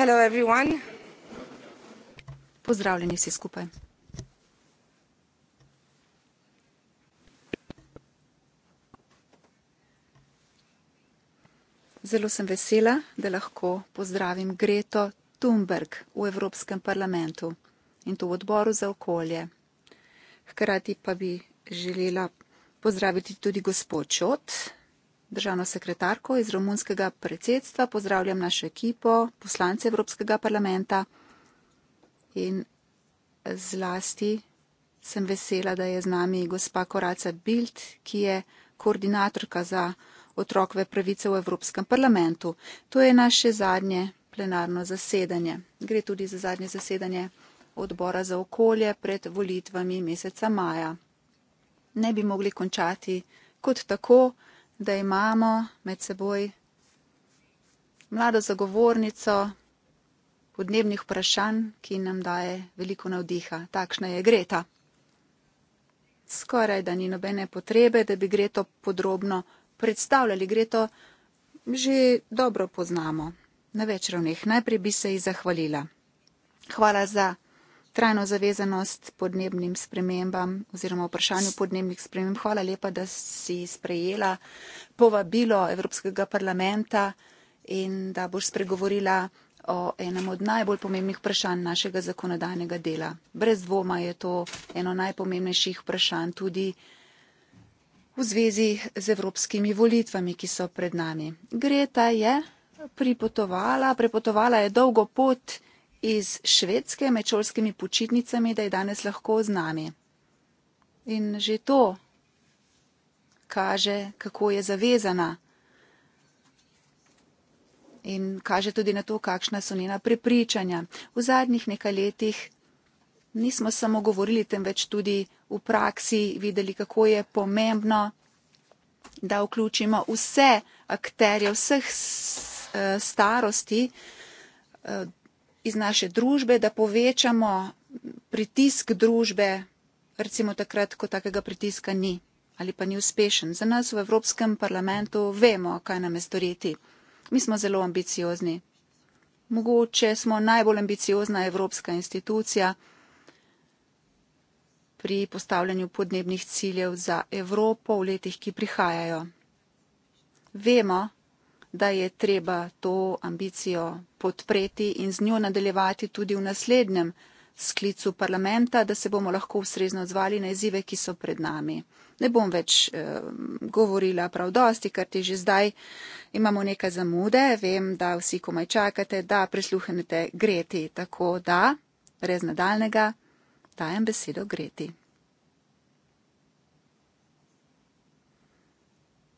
Hello everyone. Pozdravljeni vsi skupaj. Zelo sem vesela, da lahko pozdravim Greto Thunberg v Evropskem parlamentu in to v odboru za okolje. Hkrati pa bi želela pozdraviti tudi gospod Čot, državno sekretarko iz romunskega predsedstva, pozdravljam našo ekipo, poslance Evropskega parlamenta in zlasti sem vesela, da je z nami gospa Koraca Bild, ki je koordinatorka za otrokove pravice v Evropskem parlamentu. To je naše zadnje plenarno zasedanje. Gre tudi za zadnje zasedanje odbora za okolje pred volitvami meseca maja. Ne bi mogli končati kot tako, da imamo med seboj mlado zagovornico podnebnih vprašanj, ki nam daje veliko navdiha. Takšna je Greta. Skoraj da ni nobene potrebe, da bi Greto podrobno predstavljali. Greto že dobro poznamo na več ravneh. Najprej bi se ji zahvalila. Hvala za trajno zavezanost podnebnim spremembam oziroma vprašanju podnebnih sprememb. Hvala lepa, da si sprejela povabilo Evropskega parlamenta in da boš spregovorila o enem od najbolj pomembnih vprašanj našega zakonodajnega dela. Brez dvoma je to eno najpomembnejših vprašanj tudi v zvezi z evropskimi volitvami, ki so pred nami. Greta je pripotovala, prepotovala je dolgo pot, iz Švedske med šolskimi počitnicami, da je danes lahko z nami. In že to kaže, kako je zavezana. In kaže tudi na to, kakšna so njena prepričanja. V zadnjih nekaj letih nismo samo govorili, temveč tudi v praksi videli, kako je pomembno, da vključimo vse akterje, vseh eh, starosti, eh, iz naše družbe, da povečamo pritisk družbe, recimo takrat, ko takega pritiska ni ali pa ni uspešen. Za nas v Evropskem parlamentu vemo, kaj nam je storiti. Mi smo zelo ambiciozni. Mogoče smo najbolj ambiciozna evropska institucija pri postavljanju podnebnih ciljev za Evropo v letih, ki prihajajo. Vemo, da je treba to ambicijo podpreti in z njo nadaljevati tudi v naslednjem sklicu parlamenta, da se bomo lahko ustrezno odzvali na izzive, ki so pred nami. Ne bom več eh, govorila prav dosti, ker ti že zdaj imamo nekaj zamude. Vem, da vsi komaj čakate, da prisluhnete Greti. Tako da, brez nadaljnega, dajem besedo Greti.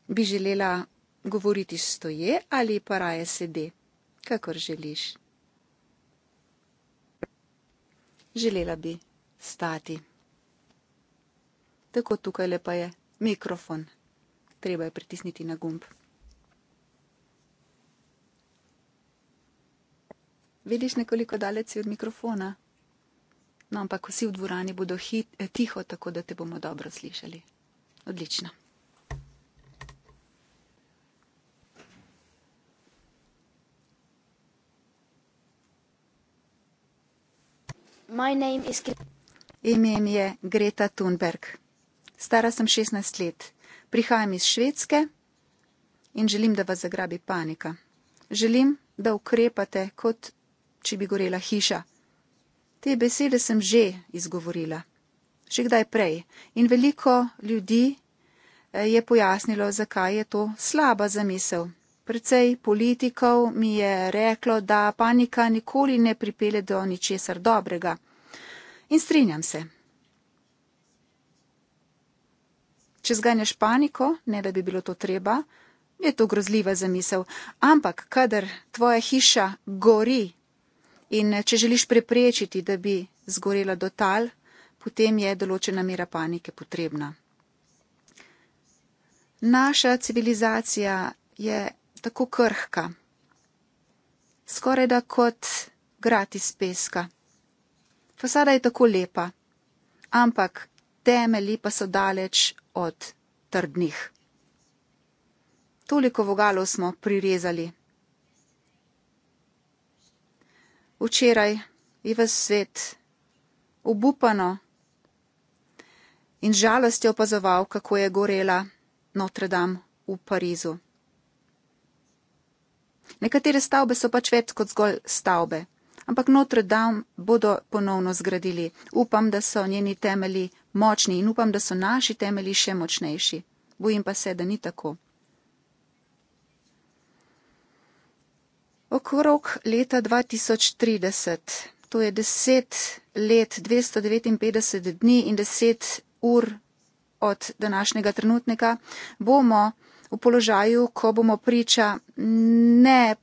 Bi želela govoriti stoje ali pa raje sede, kakor želiš. Želela bi stati. Tako tukaj lepa je mikrofon. Treba je pritisniti na gumb. Vidiš nekoliko daleč od mikrofona? No, ampak vsi v dvorani bodo hit, eh, tiho, tako da te bomo dobro slišali. Odlično. Ime mi je Greta Thunberg. Stara sem 16 let. Prihajam iz Švedske in želim, da vas zagrabi panika. Želim, da ukrepate, kot če bi gorela hiša. Te besede sem že izgovorila, še kdaj prej. In veliko ljudi eh, je pojasnilo, zakaj je to slaba zamisel precej politikov mi je reklo, da panika nikoli ne pripelje do ničesar dobrega. In strinjam se. Če zganješ paniko, ne da bi bilo to treba, je to grozljiva zamisel, ampak kadar tvoja hiša gori in eh, če želiš preprečiti, da bi zgorela do tal, potem je določena mera panike potrebna. Naša civilizacija je tako krhka, skoraj da kot grad iz peska. Fasada je tako lepa, ampak temeli pa so daleč od trdnih. Toliko vogalov smo prirezali. Včeraj je v svet obupano in žalostjo opazoval, kako je gorela Notre Dame v Parizu. Nekatere stavbe so pač več kot zgolj stavbe, ampak Notre Dame bodo ponovno zgradili. Upam, da so njeni temelji močni in upam, da so naši temelji še močnejši. Bojim pa se, da ni tako. Okrog leta 2030, to je 10 let, 259 dni in 10 ur od današnjega trenutnega, bomo v položaju, ko bomo priča ne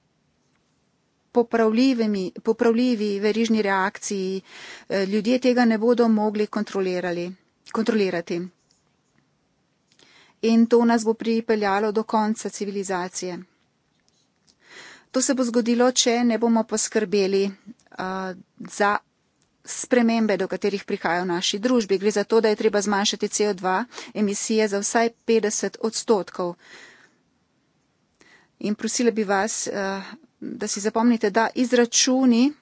popravljivi verižni reakciji, eh, ljudje tega ne bodo mogli kontrolirati. In to nas bo pripeljalo do konca civilizacije. To se bo zgodilo, če ne bomo poskrbeli uh, za spremembe, do katerih prihaja v naši družbi. Gre za to, da je treba zmanjšati CO2 emisije za vsaj 50 odstotkov. In prosila bi vas, eh, da si zapomnite, da izračuni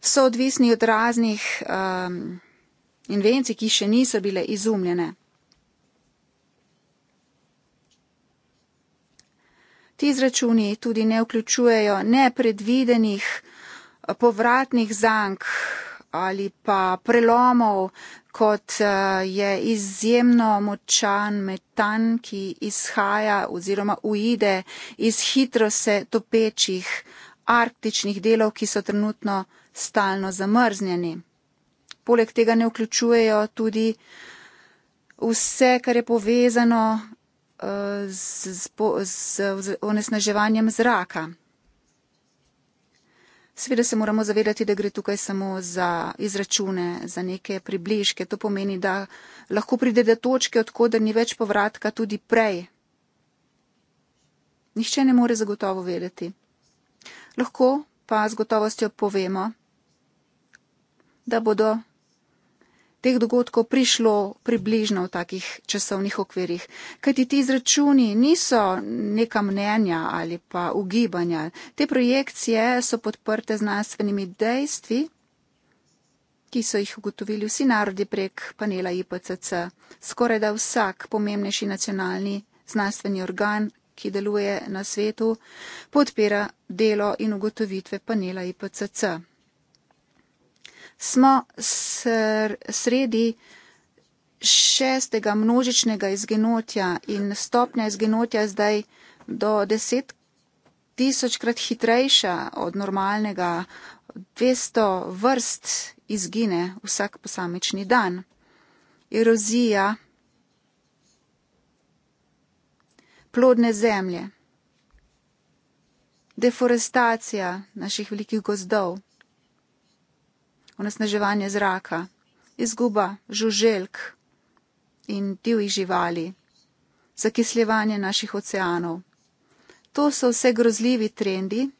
so odvisni od raznih eh, invencij, ki še niso bile izumljene. Ti izračuni tudi ne vključujejo nepredvidenih povratnih zank ali pa prelomov, kot eh, je izjemno močan metan, ki izhaja oziroma uide iz hitro se topečih arktičnih delov, ki so trenutno stalno zamrznjeni. Poleg tega ne vključujejo tudi vse, kar je povezano eh, z, z, z, z onesnaževanjem zraka. Seveda se moramo zavedati, da gre tukaj samo za izračune, za neke približke. To pomeni, da lahko pride do točke, odkuder ni več povratka tudi prej. Nihče ne more zagotovo vedeti. Lahko pa z gotovostjo povemo, da bodo teh dogodkov prišlo približno v takih časovnih okvirih. Kajti ti izračuni niso neka mnenja ali pa ugibanja. Te projekcije so podprte znanstvenimi dejstvi, ki so jih ugotovili vsi narodi prek panela IPCC. Skoraj da vsak pomembnejši nacionalni znanstveni organ, ki deluje na svetu, podpira delo in ugotovitve panela IPCC smo sr sredi šestega množičnega izginotja in stopnja izginotja je zdaj do deset tisočkrat hitrejša od normalnega. 200 vrst izgine vsak posamični dan. Erozija plodne zemlje, deforestacija naših velikih gozdov onesnaževanje zraka, izguba žuželk in divjih živali, zakisljevanje naših oceanov. To so vse grozljivi trendi,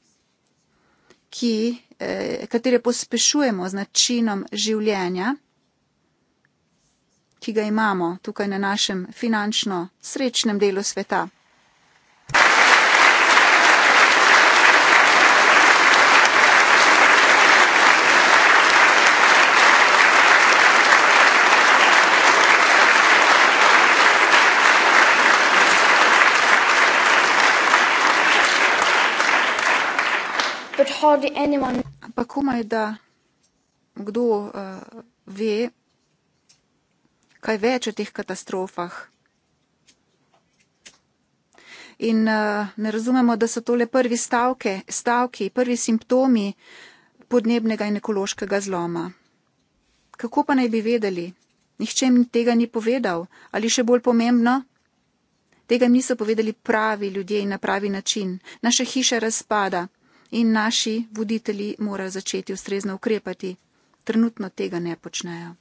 ki, eh, katere pospešujemo z načinom življenja, ki ga imamo tukaj na našem finančno srečnem delu sveta. Ampak komaj, da kdo uh, ve, kaj več o teh katastrofah. In uh, ne razumemo, da so tole prvi stavke, stavki, prvi simptomi podnebnega in ekološkega zloma. Kako pa naj bi vedeli? Nihče mi tega ni povedal. Ali še bolj pomembno, tega niso povedali pravi ljudje in na pravi način. Naša hiša razpada in naši voditelji morajo začeti ustrezno ukrepati. Trenutno tega ne počnejo.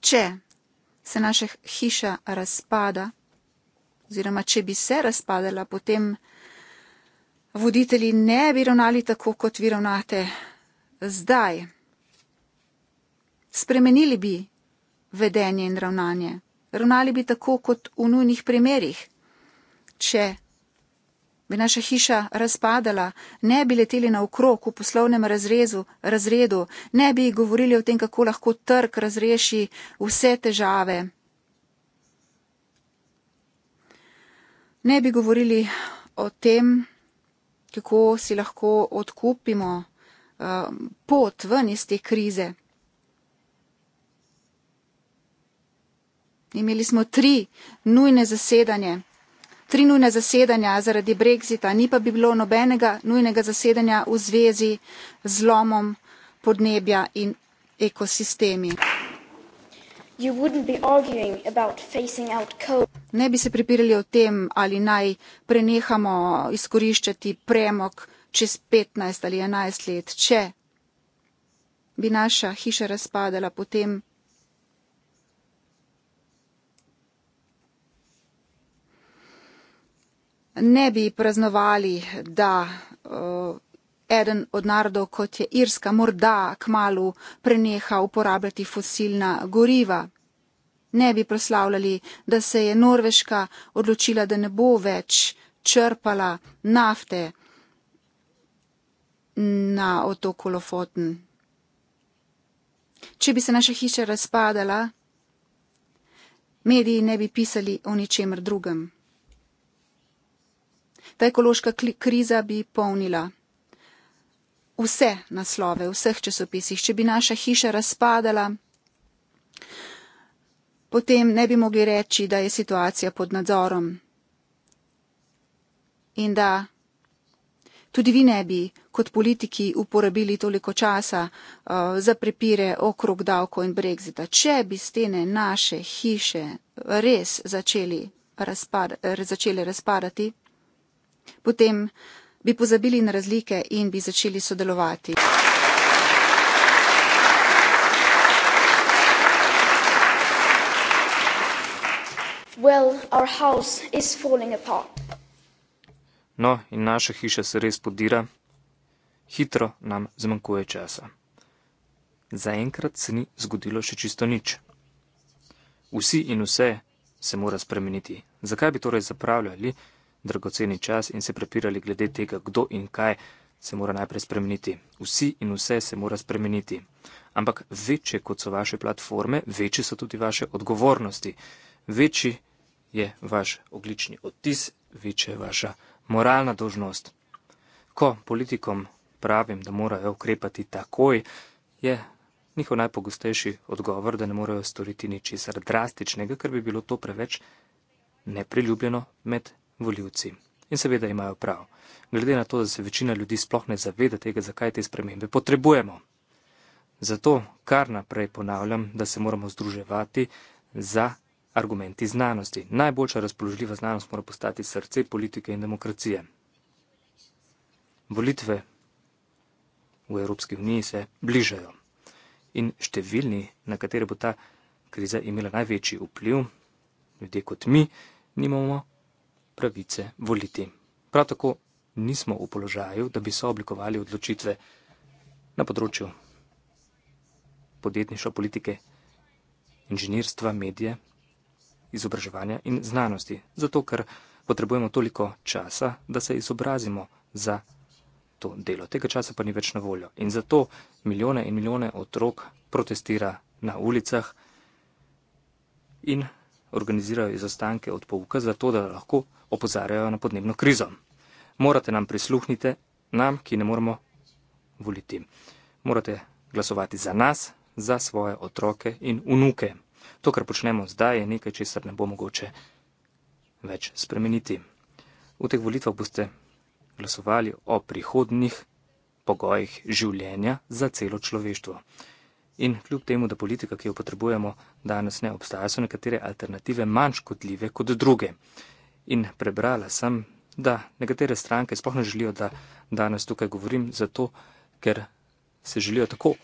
Če se naša hiša razpada, oziroma če bi se razpadala, potem voditelji ne bi ravnali tako, kot vi ravnate zdaj. Spremenili bi vedenje in ravnanje. Ravnali bi tako, kot v nujnih primerjih. Če bi naša hiša razpadala, ne bi leteli naokrog v poslovnem razrezu, razredu, ne bi govorili o tem, kako lahko trg razreši vse težave. Ne bi govorili o tem, kako si lahko odkupimo uh, pot ven iz te krize. Imeli smo tri nujne zasedanje tri nujne zasedanja zaradi brexita, ni pa bi bilo nobenega nujnega zasedanja v zvezi z lomom podnebja in ekosistemi. Ne bi se pripirali o tem, ali naj prenehamo izkoriščati premog čez 15 ali 11 let, če bi naša hiša razpadala, potem ne bi praznovali, da eh, eden od narodov, kot je Irska, morda kmalo preneha uporabljati fosilna goriva. Ne bi proslavljali, da se je Norveška odločila, da ne bo več črpala nafte na otoku Lofoten. Če bi se naša hiša razpadala, mediji ne bi pisali o ničemer drugem ta ekološka kriza bi polnila vse naslove, vseh časopisih. Če bi naša hiša razpadala, potem ne bi mogli reči, da je situacija pod nadzorom in da tudi vi ne bi kot politiki uporabili toliko časa uh, za prepire okrog davko in brexita. Če bi stene naše hiše res začeli, razpad, razpadati, Potem bi pozabili na razlike in bi začeli sodelovati. Well, no, in naša hiša se res podira. Hitro nam zmanjkuje časa. Zaenkrat se ni zgodilo še čisto nič. Vsi in vse se mora spremeniti. Zakaj bi torej zapravljali? dragoceni čas in se prepirali glede tega, kdo in kaj se mora najprej spremeniti. Vsi in vse se mora spremeniti. Ampak večje kot so vaše platforme, večje so tudi vaše odgovornosti. Večji je vaš oglični odtis, večja je vaša moralna dožnost. Ko politikom pravim, da morajo ukrepati takoj, je njihov najpogostejši odgovor, da ne morejo storiti ničesar drastičnega, ker bi bilo to preveč nepriljubljeno med voljivci. In seveda imajo prav. Glede na to, da se večina ljudi sploh ne zaveda tega, zakaj te spremembe potrebujemo. Zato kar naprej ponavljam, da se moramo združevati za argumenti znanosti. Najboljša razpoložljiva znanost mora postati srce politike in demokracije. Volitve v Evropski uniji se bližajo in številni, na katere bo ta kriza imela največji vpliv, ljudje kot mi, nimamo pravice voliti. Prav tako nismo v položaju, da bi so oblikovali odločitve na področju podjetništva, politike, inženirstva, medije, izobraževanja in znanosti. Zato, ker potrebujemo toliko časa, da se izobrazimo za to delo. Tega časa pa ni več na voljo. In zato milijone in milijone otrok protestira na ulicah in organizirajo izostanke od pouka, zato da lahko opozarjajo na podnebno krizo. Morate nam prisluhniti, nam, ki ne moremo voliti. Morate glasovati za nas, za svoje otroke in unuke. To, kar počnemo zdaj, je nekaj, česar ne bo mogoče več spremeniti. V teh volitvah boste glasovali o prihodnih pogojih življenja za celo človeštvo in kljub temu, da politika, ki jo potrebujemo, danes ne obstaja, so nekatere alternative manj škodljive kot druge. In prebrala sem, da nekatere stranke sploh ne želijo, da danes tukaj govorim, zato ker se želijo tako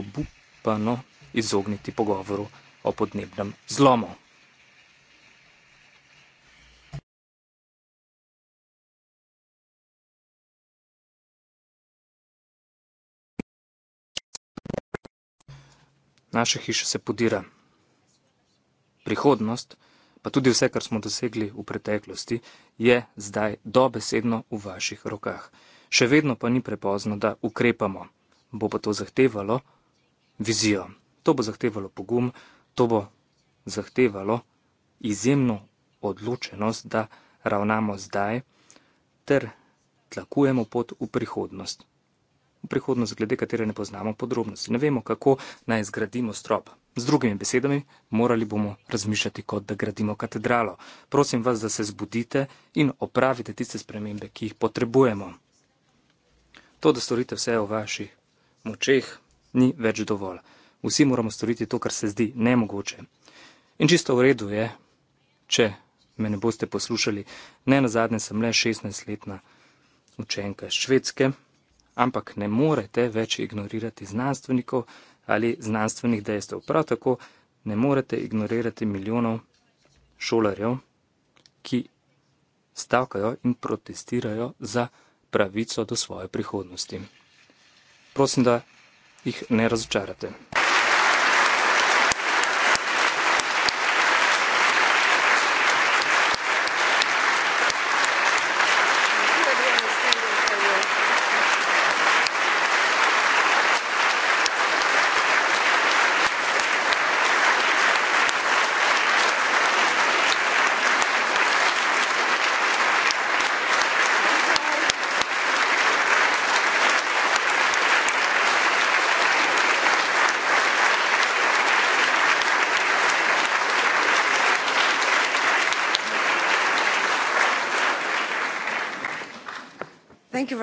obupano izogniti pogovoru o podnebnem zlomu. naša hiša se podira. Prihodnost, pa tudi vse, kar smo dosegli v preteklosti, je zdaj dobesedno v vaših rokah. Še vedno pa ni prepozno, da ukrepamo. Bo pa to zahtevalo vizijo. To bo zahtevalo pogum, to bo zahtevalo izjemno odločenost, da ravnamo zdaj ter tlakujemo pot v prihodnost v prihodnost, glede katere ne poznamo podrobnosti. Ne vemo, kako naj zgradimo strop. Z drugimi besedami, morali bomo razmišljati, kot da gradimo katedralo. Prosim vas, da se zbudite in opravite tiste spremembe, ki jih potrebujemo. To, da storite vse v vaših močeh, ni več dovolj. Vsi moramo storiti to, kar se zdi nemogoče. In čisto v redu je, če me ne boste poslušali, ne na zadnje sem le 16-letna učenka iz Švedske ampak ne morete več ignorirati znanstvenikov ali znanstvenih dejstev. Prav tako ne morete ignorirati milijonov šolarjev, ki stavkajo in protestirajo za pravico do svoje prihodnosti. Prosim, da jih ne razočarate.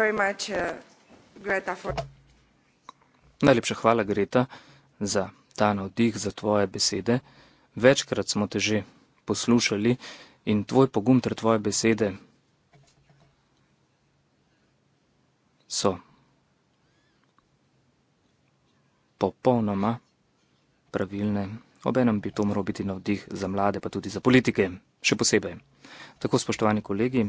very much, uh, Greta, for... Najlepša hvala, Greta, za ta navdih, za tvoje besede. Večkrat smo te že poslušali in tvoj pogum ter tvoje besede so popolnoma pravilne. Obenem bi to moral biti navdih za mlade, pa tudi za politike, še posebej. Tako, spoštovani kolegi,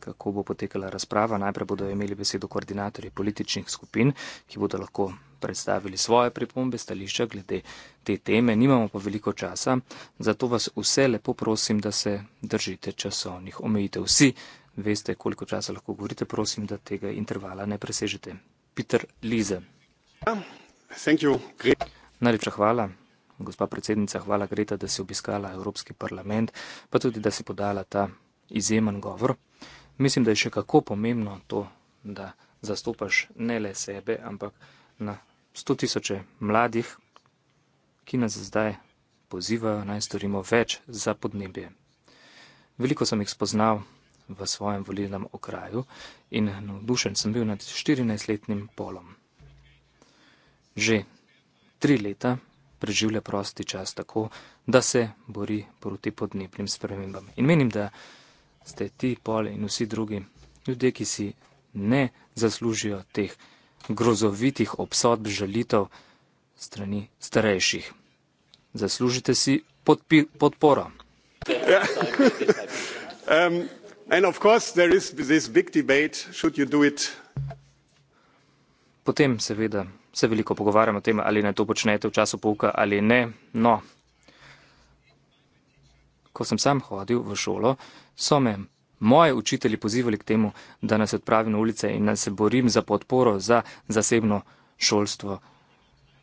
kako bo potekala razprava. Najprej bodo imeli besedo koordinatorji političnih skupin, ki bodo lahko predstavili svoje pripombe, stališča glede te teme. Nimamo pa veliko časa, zato vas vse lepo prosim, da se držite časovnih omejitev. Vsi veste, koliko časa lahko govorite, prosim, da tega intervala ne presežete. Peter Lize. Najlepša hvala, gospa predsednica, hvala Greta, da si obiskala Evropski parlament, pa tudi, da si podala ta izjemen govor mislim, da je še kako pomembno to, da zastopaš ne le sebe, ampak na sto tisoče mladih, ki nas zdaj pozivajo naj storimo več za podnebje. Veliko sem jih spoznal v svojem volilnem okraju in navdušen sem bil nad 14-letnim polom. Že tri leta preživlja prosti čas tako, da se bori proti podnebnim spremembam. In menim, da ste ti, pol in vsi drugi ljudje, ki si ne zaslužijo teh grozovitih obsodb, žalitev strani starejših. Zaslužite si podpi, podporo. Um, Potem seveda se veliko pogovarjamo o tem, ali naj to počnete v času pouka ali ne. No, ko sem sam hodil v šolo, so me moji učitelji pozivali k temu, da nas odpravim na ulice in da se borim za podporo za zasebno šolstvo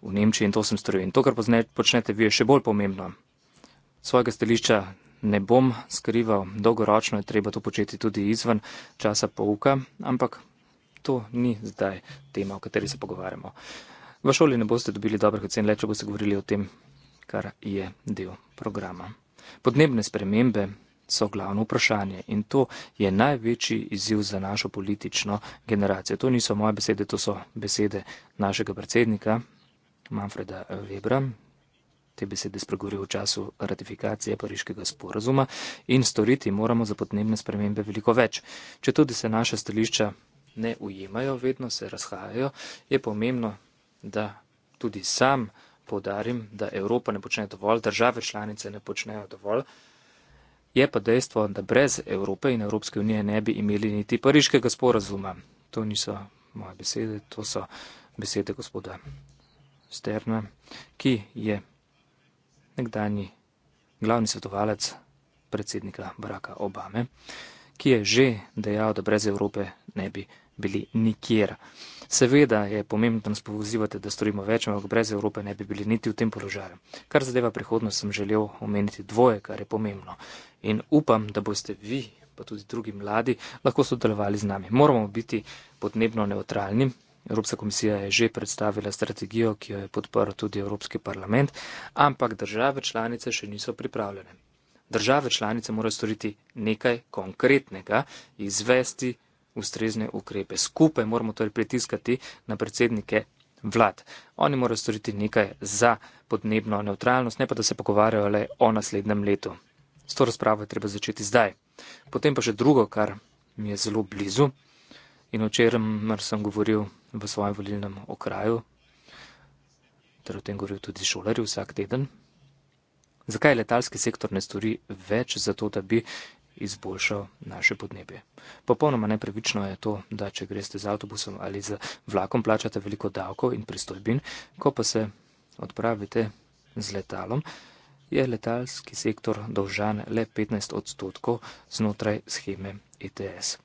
v Nemčiji in to sem storil. In to, kar pozne, počnete vi, je še bolj pomembno. Svojega stališča ne bom skrival, dolgoročno je treba to početi tudi izven časa pouka, ampak to ni zdaj tema, o kateri se pogovarjamo. V šoli ne boste dobili dobrih ocen, le če boste govorili o tem, kar je del programa. Podnebne spremembe so glavno vprašanje in to je največji izziv za našo politično generacijo. To niso moje besede, to so besede našega predsednika Manfreda Webra. Te besede spregovoril v času ratifikacije pariškega sporazuma in storiti moramo za podnebne spremembe veliko več. Če tudi se naše stališča ne ujemajo, vedno se razhajajo, je pomembno, da tudi sam poudarim, da Evropa ne počne dovolj, države članice ne počnejo dovolj. Je pa dejstvo, da brez Evrope in Evropske unije ne bi imeli niti pariškega sporazuma. To niso moje besede, to so besede gospoda Sterna, ki je nekdani glavni svetovalec predsednika Baracka Obame, ki je že dejal, da brez Evrope ne bi bili nikjer. Seveda je pomembno, da nas povzivate, da storimo več, ampak brez Evrope ne bi bili niti v tem položaju. Kar zadeva prihodnost, sem želel omeniti dvoje, kar je pomembno. In upam, da boste vi, pa tudi drugi mladi, lahko sodelovali z nami. Moramo biti podnebno neutralni. Evropska komisija je že predstavila strategijo, ki jo je podporil tudi Evropski parlament, ampak države članice še niso pripravljene. Države članice morajo storiti nekaj konkretnega, izvesti ustrezne ukrepe. Skupaj moramo torej pritiskati na predsednike vlad. Oni morajo storiti nekaj za podnebno neutralnost, ne pa da se pogovarjajo le o naslednjem letu. S to razpravo je treba začeti zdaj. Potem pa še drugo, kar mi je zelo blizu in včeraj, mar sem govoril v svojem volilnem okraju, ter o tem govoril tudi šolarji vsak teden. Zakaj letalski sektor ne stori več za to, da bi izboljšal naše podnebje. Popolnoma nepravično je to, da če greste z avtobusom ali z vlakom, plačate veliko davkov in pristojbin, ko pa se odpravite z letalom, je letalski sektor dolžan le 15 odstotkov znotraj scheme ETS.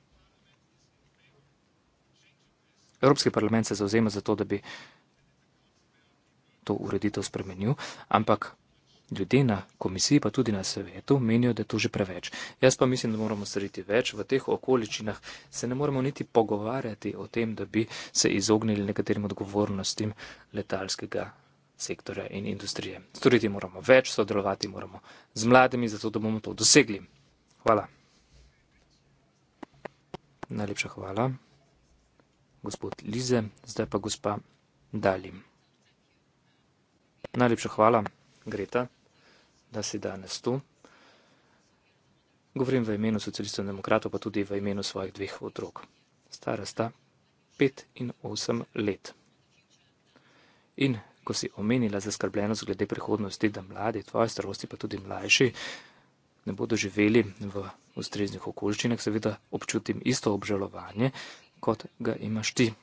Evropski parlament se zauzema za to, da bi to ureditev spremenil, ampak ljudje na komisiji, pa tudi na svetu, menijo, da je to že preveč. Jaz pa mislim, da moramo storiti več. V teh okoličinah se ne moramo niti pogovarjati o tem, da bi se izognili nekaterim odgovornostim letalskega sektorja in industrije. Storiti moramo več, sodelovati moramo z mladimi, zato da bomo to dosegli. Hvala. Najlepša hvala, gospod Lize. Zdaj pa gospa Dalim. Najlepša hvala, Greta da si danes tu. Govorim v imenu socialistov in demokratov, pa tudi v imenu svojih dveh otrok. Stara sta 5 in 8 let. In ko si omenila zaskrbljenost glede prihodnosti, da mladi, tvoje starosti, pa tudi mlajši, ne bodo živeli v ustreznih okoliščinah, seveda občutim isto obžalovanje, kot ga imaš ti.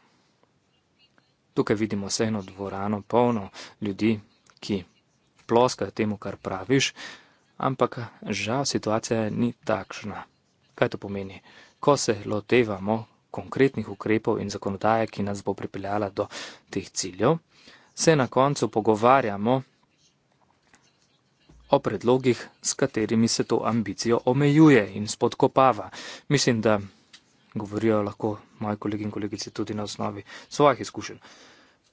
Tukaj vidimo vseeno dvorano polno ljudi, ki ploskajo temu, kar praviš, ampak žal situacija ni takšna. Kaj to pomeni? Ko se lotevamo konkretnih ukrepov in zakonodaje, ki nas bo pripeljala do teh ciljev, se na koncu pogovarjamo o predlogih, s katerimi se to ambicijo omejuje in spodkopava. Mislim, da govorijo lahko moji kolegi in kolegice tudi na osnovi svojih izkušenj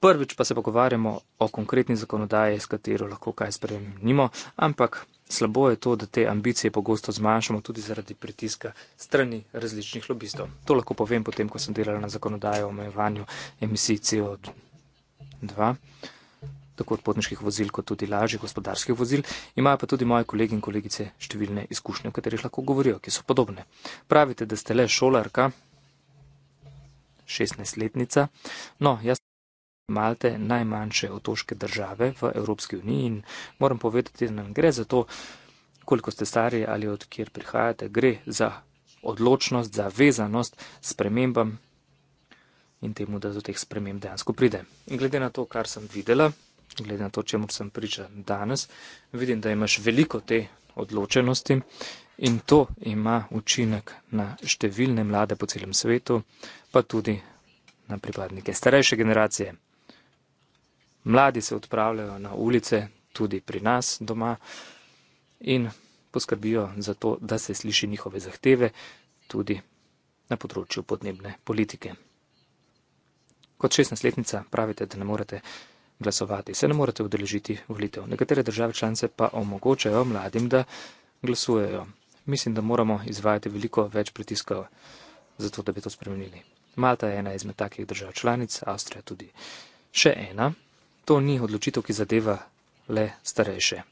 prvič pa se pogovarjamo o konkretni zakonodaji, s katero lahko kaj spremenimo, ampak slabo je to, da te ambicije pogosto zmanjšamo tudi zaradi pritiska strani različnih lobistov. To lahko povem potem, ko sem delala na zakonodaji o omejevanju emisij CO2, tako od potniških vozil, kot tudi lažjih gospodarskih vozil. Imajo pa tudi moje kolegi in kolegice številne izkušnje, o katerih lahko govorijo, ki so podobne. Pravite, da ste le šolarka, 16-letnica. No, Malte najmanjše otoške države v Evropski uniji in moram povedati, da nam gre za to, koliko ste stari ali odkjer prihajate, gre za odločnost, za vezanost s premembam in temu, da do teh sprememb dejansko pride. In glede na to, kar sem videla, glede na to, čemu sem priča danes, vidim, da imaš veliko te odločenosti in to ima učinek na številne mlade po celem svetu, pa tudi na pripadnike starejše generacije mladi se odpravljajo na ulice, tudi pri nas doma, in poskrbijo za to, da se sliši njihove zahteve tudi na področju podnebne politike. Kot 16-letnica pravite, da ne morete glasovati, se ne morete udeležiti volitev. Nekatere države članice pa omogočajo mladim, da glasujejo. Mislim, da moramo izvajati veliko več pritiskov za to, da bi to spremenili. Malta je ena izmed takih držav članic, Avstrija tudi še ena to ni odločitev, ki zadeva le starejše.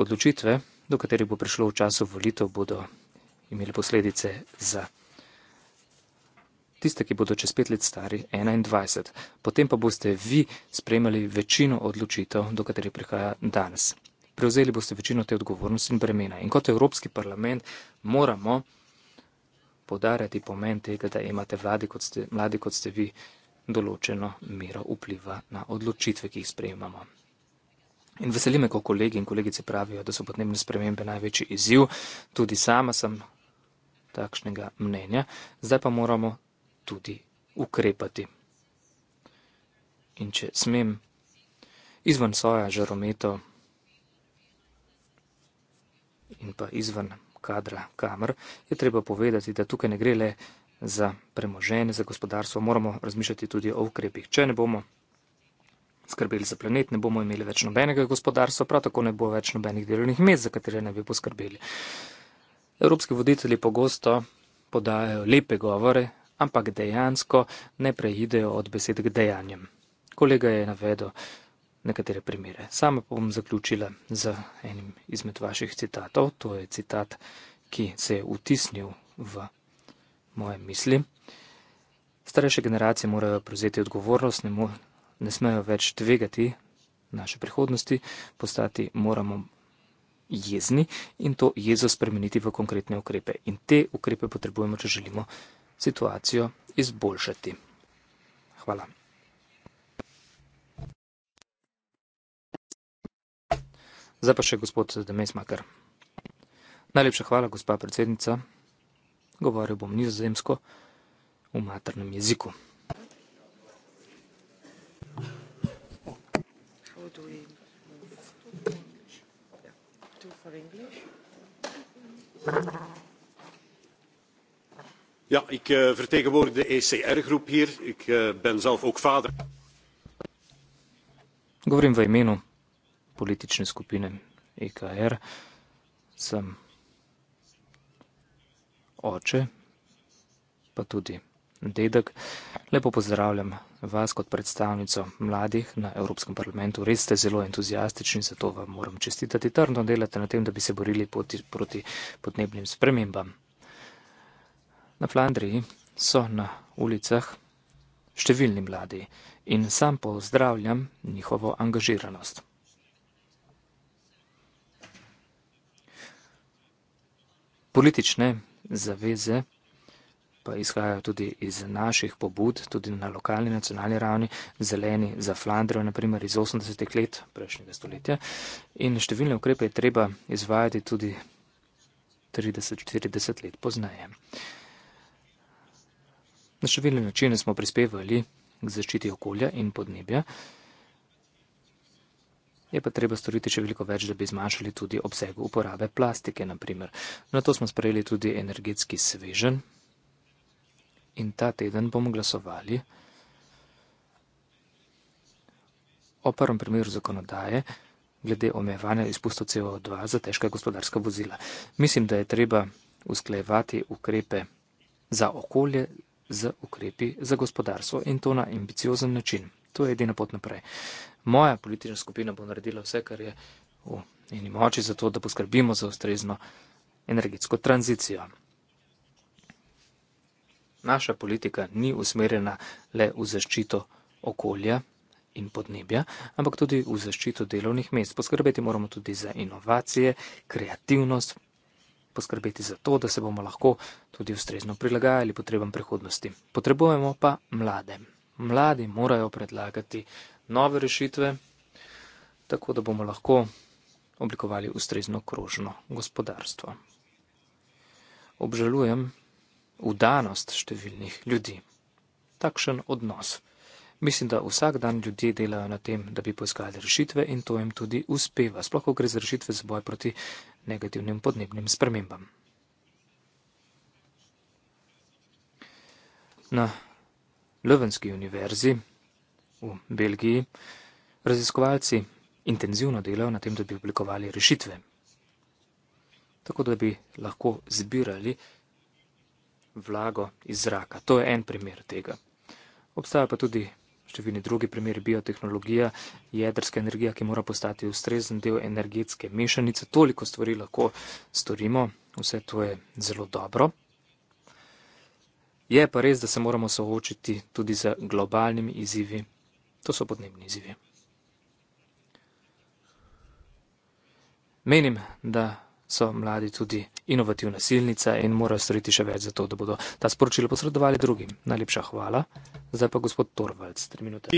Odločitve, do katerih bo prišlo v času volitev, bodo imeli posledice za tiste, ki bodo čez pet let stari 21. Potem pa boste vi sprejemali večino odločitev, do katerih prihaja danes. Prevzeli boste večino te odgovornosti in bremena. In kot Evropski parlament moramo podarjati pomen tega, da imate vladi, kot ste, mladi, kot ste vi, določeno mero vpliva na odločitve, ki jih sprejemamo. In veseli me, ko kolegi in kolegice pravijo, da so podnebne spremembe največji izziv. Tudi sama sem takšnega mnenja. Zdaj pa moramo tudi ukrepati. In če smem, izven soja, žarometov in pa izven kadra kamer, je treba povedati, da tukaj ne gre le za premoženje, za gospodarstvo, moramo razmišljati tudi o ukrepih. Če ne bomo skrbeli za planet, ne bomo imeli več nobenega gospodarstva, prav tako ne bo več nobenih delovnih mest, za katere ne bi poskrbeli. Evropski voditelji pogosto podajajo lepe govore, ampak dejansko ne preidejo od besed k dejanjem. Kolega je navedel nekatere primere. Sama pa bom zaključila z enim izmed vaših citatov. To je citat, ki se je utisnil v moje misli. Starejše generacije morajo prevzeti odgovornost, ne, mo ne smejo več tvegati naše prihodnosti, postati moramo jezni in to jezo spremeniti v konkretne ukrepe. In te ukrepe potrebujemo, če želimo situacijo izboljšati. Hvala. Zdaj pa še gospod Demes Makar. Najlepša hvala, gospa predsednica govoril bom nizozemsko v maternem jeziku. Ja, ik uh, vertegenwoordig de ECR-groep hier. Ik uh, ben zelf ook vader. Govorim v imenu politične skupine EKR. Sem oče, pa tudi dedek. Lepo pozdravljam vas kot predstavnico mladih na Evropskem parlamentu. Res ste zelo entuzijastični, zato vam moram čestitati. Trdno delate na tem, da bi se borili poti, proti podnebnim spremembam. Na Flandriji so na ulicah številni mladi in sam pozdravljam njihovo angažiranost. Politične zaveze pa izhajajo tudi iz naših pobud, tudi na lokalni, nacionalni ravni, zeleni za Flandrijo, naprimer iz 80-ih let prejšnjega stoletja. In številne ukrepe je treba izvajati tudi 30-40 let pozneje. Na številne načine smo prispevali k zaščiti okolja in podnebja je pa treba storiti še veliko več, da bi zmanjšali tudi obseg uporabe plastike, naprimer. Na to smo sprejeli tudi energetski svežen in ta teden bomo glasovali o prvem primeru zakonodaje glede omejevanja izpustov CO2 za težka gospodarska vozila. Mislim, da je treba usklejevati ukrepe za okolje z ukrepi za gospodarstvo in to na ambiciozen način. To je edina pot naprej moja politična skupina bo naredila vse, kar je v njeni moči, zato da poskrbimo za ustrezno energetsko tranzicijo. Naša politika ni usmerjena le v zaščito okolja in podnebja, ampak tudi v zaščito delovnih mest. Poskrbeti moramo tudi za inovacije, kreativnost, poskrbeti za to, da se bomo lahko tudi ustrezno prilagajali potrebam prihodnosti. Potrebujemo pa mlade. Mladi morajo predlagati nove rešitve, tako da bomo lahko oblikovali ustrezno krožno gospodarstvo. Obžalujem udanost številnih ljudi. Takšen odnos. Mislim, da vsak dan ljudje delajo na tem, da bi poiskali rešitve in to jim tudi uspeva, sploh ko gre za rešitve za boj proti negativnim podnebnim spremembam. Na Lovenski univerzi v Belgiji, raziskovalci intenzivno delajo na tem, da bi oblikovali rešitve. Tako da bi lahko zbirali vlago iz zraka. To je en primer tega. Obstaja pa tudi številni drugi primeri, biotehnologija, jedrska energija, ki mora postati ustrezen del energetske mešanice. Toliko stvari lahko storimo, vse to je zelo dobro. Je pa res, da se moramo soočiti tudi z globalnimi izzivi to so podnebni izzivi. Menim, da so mladi tudi inovativna silnica in morajo storiti še več za to, da bodo ta sporočila posredovali drugim. Najlepša hvala. Zdaj pa gospod Torvalds, tri minute.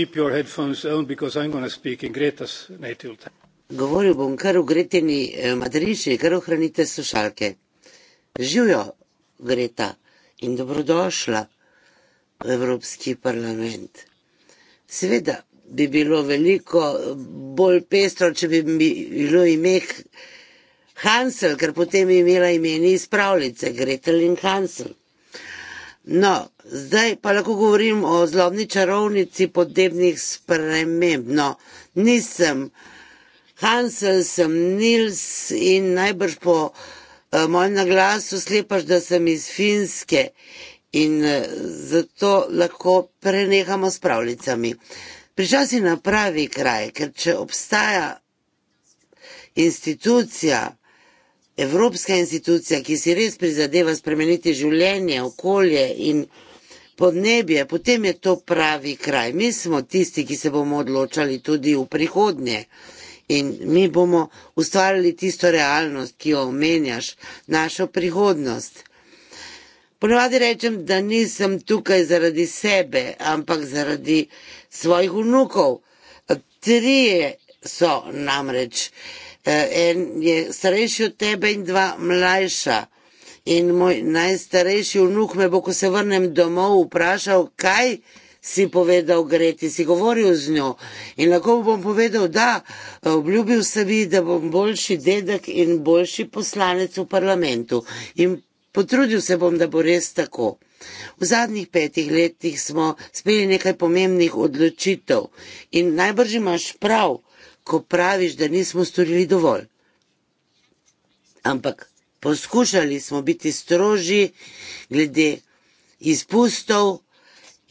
Govoril bom kar v greteni eh, madriči, kar ohranite slušalke. Živijo Greta in dobrodošla v Evropski parlament. Seveda bi bilo veliko bolj pestro, če bi bilo ime Hansel, ker potem bi imela imeni iz pravljice Gretel in Hansel. No, zdaj pa lahko govorim o zlobni čarovnici podnebnih sprememb. No, nisem Hansel, sem Nils in najbrž po uh, mojem naglasu slepaš, da sem iz Finske. Uh, in eh, zato lahko prenehamo s pravljicami. Prišel si na pravi kraj, ker če obstaja institucija, evropska institucija, ki si res prizadeva spremeniti življenje, okolje in podnebje, potem je to pravi kraj. Mi smo tisti, ki se bomo odločali tudi v prihodnje. In mi bomo ustvarjali tisto realnost, ki jo omenjaš, našo prihodnost. Ponovadi rečem, da nisem tukaj zaradi sebe, ampak zaradi svojih vnukov. Trije so namreč, e, en je starejši od tebe in dva mlajša. In moj najstarejši vnuk me bo, ko se vrnem domov, vprašal, kaj si povedal Greti, si govoril z njo. In lahko bom povedal, da obljubil sebi, da bom boljši dedek in boljši poslanec v parlamentu. In Potrudil se bom, da bo res tako. V zadnjih petih letih smo sprejeli nekaj pomembnih odločitev in najbrž imaš prav, ko praviš, da nismo storili dovolj. Ampak poskušali smo biti stroži glede izpustov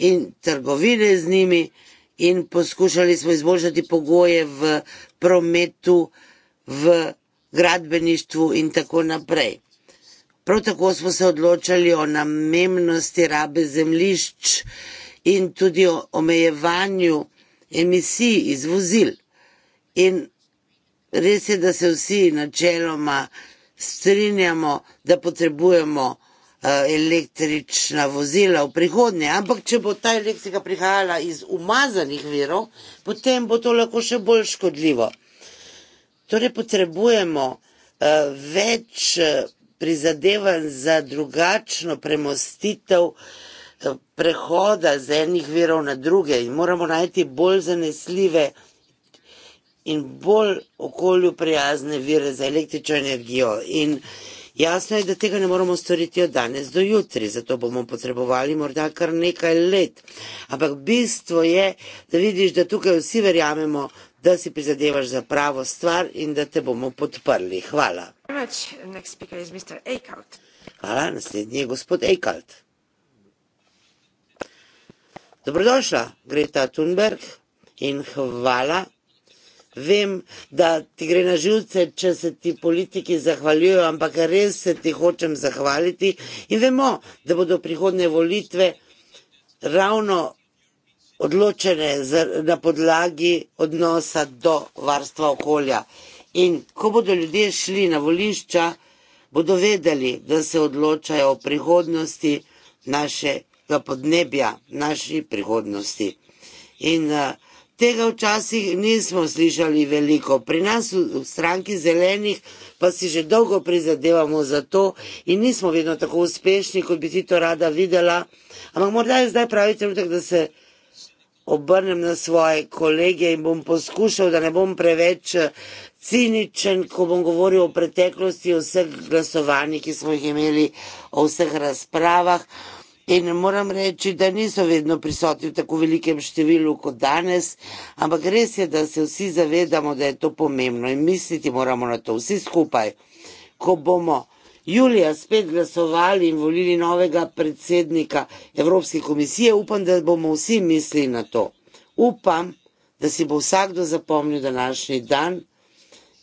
in trgovine z njimi in poskušali smo izboljšati pogoje v prometu, v gradbeništvu in tako naprej. Prav tako smo se odločali o namennosti rabe zemljišč in tudi o omejevanju emisij iz vozil. In res je, da se vsi načeloma strinjamo, da potrebujemo eh, električna vozila v prihodnje, ampak če bo ta elektrika prihajala iz umazanih virov, potem bo to lahko še bolj škodljivo. Torej potrebujemo eh, več eh, prizadevanj za drugačno premostitev eh, prehoda z enih verov na druge in moramo najti bolj zanesljive in bolj okolju prijazne vire za električno energijo. In jasno je, da tega ne moramo storiti od danes do jutri, zato bomo potrebovali morda kar nekaj let. Ampak bistvo je, da vidiš, da tukaj vsi verjamemo da si prizadevaš za pravo stvar in da te bomo podprli. Hvala. Hvala, naslednji je gospod Eikalt. Dobrodošla, Greta Thunberg, in hvala. Vem, da ti gre na živce, če se ti politiki zahvaljujejo, ampak res se ti hočem zahvaliti. In vemo, da bodo prihodne volitve ravno odločene na podlagi odnosa do varstva okolja. In ko bodo ljudje šli na volišča, bodo vedeli, da se odločajo o prihodnosti našega podnebja, naši prihodnosti. In eh, tega včasih nismo slišali veliko. Pri nas v stranki zelenih pa si že dolgo prizadevamo za to in nismo vedno tako uspešni, kot bi ti to rada videla. Ampak morda je zdaj pravi trenutek, da se vsega, obrnem na svoje kolege in bom poskušal, da ne bom preveč eh, ciničen, ko bom govoril o preteklosti, o vseh glasovanjih, ki smo jih imeli, o vseh razpravah. In moram reči, da niso vedno prisotni v tako velikem številu kot danes, ampak res je, da se vsi zavedamo, da je to pomembno in misliti moramo na to vsi skupaj. Ko bomo julija spet glasovali in volili novega predsednika Evropske komisije, upam, da bomo vsi mislili na to. Upam, da si bo vsakdo zapomnil današnji dan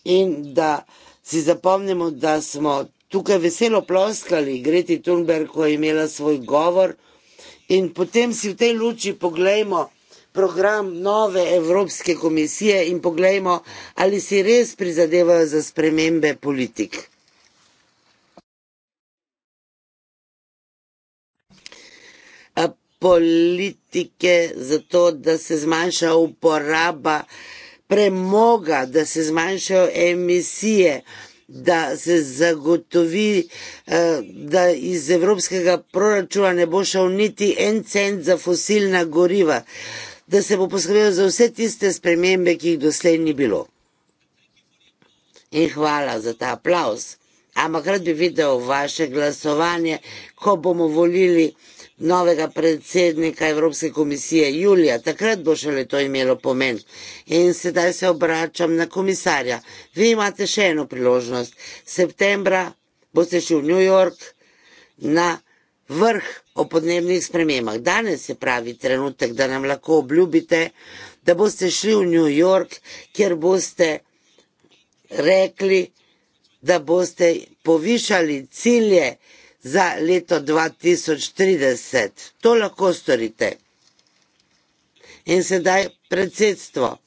in da si zapomnimo, da smo tukaj veselo ploskali Greti Thunberg, ko je imela svoj govor in potem si v tej luči poglejmo program nove Evropske komisije in poglejmo, ali si res prizadevajo za spremembe politik. politike za to, da se zmanjša uporaba premoga, da se zmanjšajo emisije, da se zagotovi, eh, da iz evropskega proračuna ne bo šel niti en cent za fosilna goriva, da se bo poskrbelo za vse tiste spremembe, ki jih doslej ni bilo. In hvala za ta aplavz. Ampak rad bi videl vaše glasovanje, ko bomo volili vsega, novega predsednika Evropske komisije Julija. Takrat bo šele to imelo pomen. In sedaj se obračam na komisarja. Vi imate še eno priložnost. Septembra boste šli v New York na vrh o podnebnih spremembah. Danes je pravi trenutek, da nam lahko obljubite, da boste šli v New York, kjer boste rekli, da boste povišali cilje, za leto 2030. To lahko storite. In sedaj predsedstvo.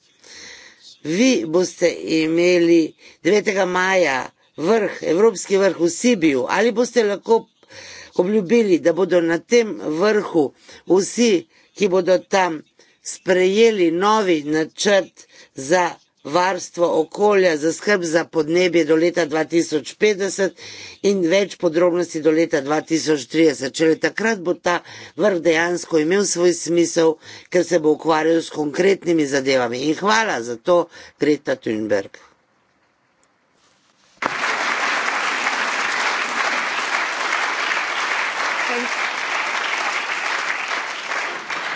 Vi boste imeli 9. maja vrh, evropski vrh v Sibiju. Ali boste lahko obljubili, da bodo na tem vrhu vsi, ki bodo tam sprejeli novi načrt za vrh, varstvo okolja, za skrb za podnebje do leta 2050 in več podrobnosti do leta 2030. Če le takrat bo ta vrh dejansko imel svoj smisel, ker se bo ukvarjal s konkretnimi zadevami. In hvala za to, Greta Thunberg.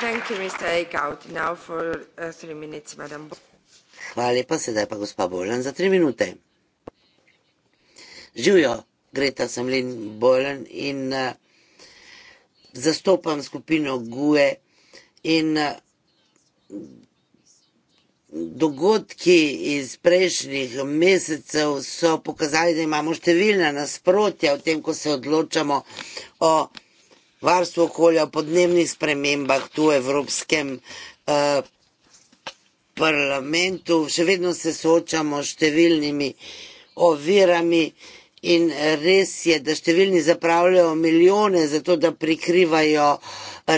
Thank you, Mr. Eickhout. Now for uh, three minutes, Madam. Hvala lepa, sedaj pa gospa Bolen za tri minute. Živjo, Greta Semlin Bolen in uh, zastopam skupino GUE in uh, dogodki iz prejšnjih mesecev so pokazali, da imamo številna nasprotja v tem, ko se odločamo o varstvu okolja, o podnebnih spremembah tu v evropskem uh, parlamentu, še vedno se soočamo s številnimi ovirami in res je, da številni zapravljajo milijone za to, da prikrivajo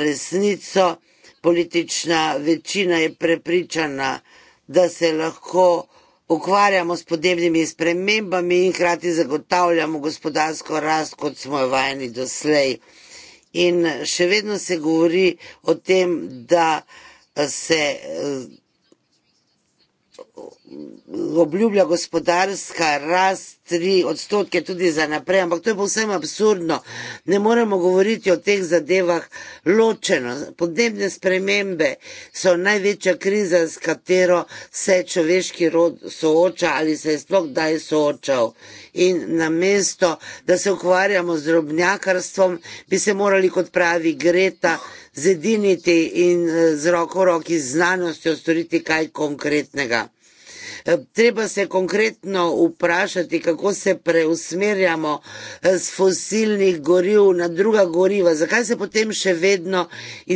resnico. Politična večina je prepričana, da se lahko ukvarjamo s podnebnimi spremembami in hkrati zagotavljamo gospodarsko rast, kot smo jo vajeni doslej. In še vedno se govori o tem, da se obljublja gospodarska rast tri odstotke tudi za naprej, ampak to je povsem absurdno. Ne moremo govoriti o teh zadevah ločeno. Podnebne spremembe so največja kriza, s katero se človeški rod sooča ali se je sploh kdaj soočal. In namesto, da se ukvarjamo z drobnjakarstvom, bi se morali kot pravi Greta zediniti in eh, z roko v roki z znanostjo storiti kaj konkretnega. Eh, treba se konkretno vprašati, kako se preusmerjamo z eh, fosilnih goriv na druga goriva, zakaj se potem še vedno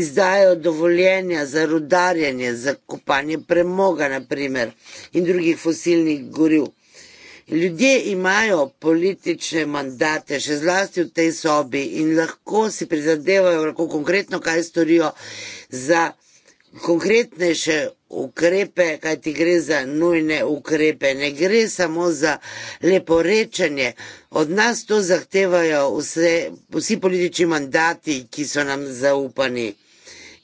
izdajo dovoljenja za rudarjenje, za kopanje premoga, naprimer, in drugih fosilnih goriv. Ljudje imajo politične mandate, še zlasti v tej sobi, in lahko si prizadevajo, lahko konkretno kaj storijo za konkretnejše ukrepe, kaj ti gre za nujne ukrepe. Ne gre samo za leporečenje. Od nas to zahtevajo vse, vsi politični mandati, ki so nam zaupani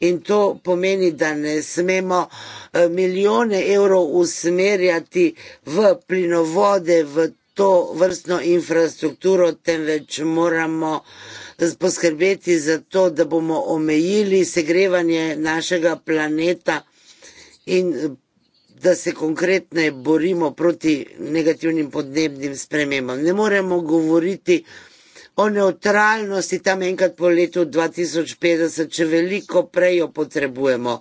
in to pomeni, da ne smemo eh, milijone evrov usmerjati v plinovode, v to vrstno infrastrukturo, temveč moramo eh, poskrbeti za to, da bomo omejili segrevanje našega planeta in eh, da se konkretno borimo proti negativnim podnebnim spremembam. Ne moremo govoriti o o neutralnosti tam enkrat po letu 2050, če veliko prej jo potrebujemo.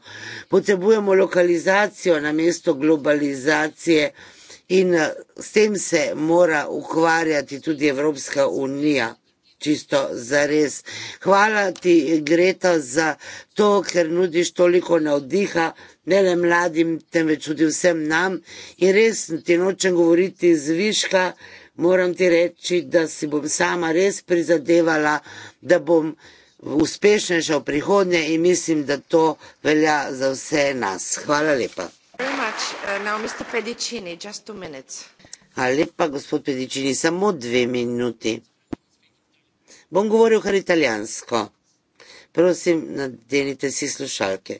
Potrebujemo lokalizacijo na mesto globalizacije in eh, s tem se mora ukvarjati tudi Evropska unija. Čisto za res. Hvala ti, Greta, za to, ker nudiš toliko navdiha, ne le mladim, temveč tudi vsem nam. In res ti nočem govoriti zviška moram ti reči, da si bom sama res prizadevala, da bom uspešnejša v prihodnje in mislim, da to velja za vse nas. Hvala lepa. Uh, hvala lepa, gospod Pedicini, samo dve minuti. Bom govoril kar italijansko. Prosim, nadenite si slušalke.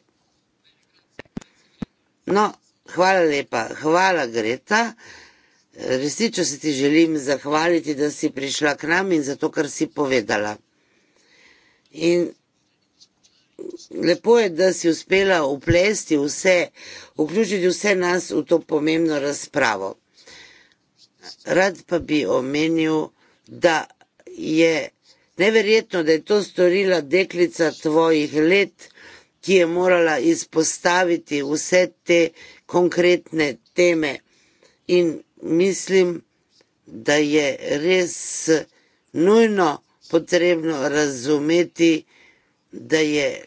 No, hvala lepa, hvala Greta. Hvala lepa. Resnično se ti želim zahvaliti, da si prišla k nam in za to, kar si povedala. In lepo je, da si uspela uplesti vse, vključiti vse nas v to pomembno razpravo. Rad pa bi omenil, da je neverjetno, da je to storila deklica tvojih let, ki je morala izpostaviti vse te konkretne teme in mislim, da je res nujno potrebno razumeti, da je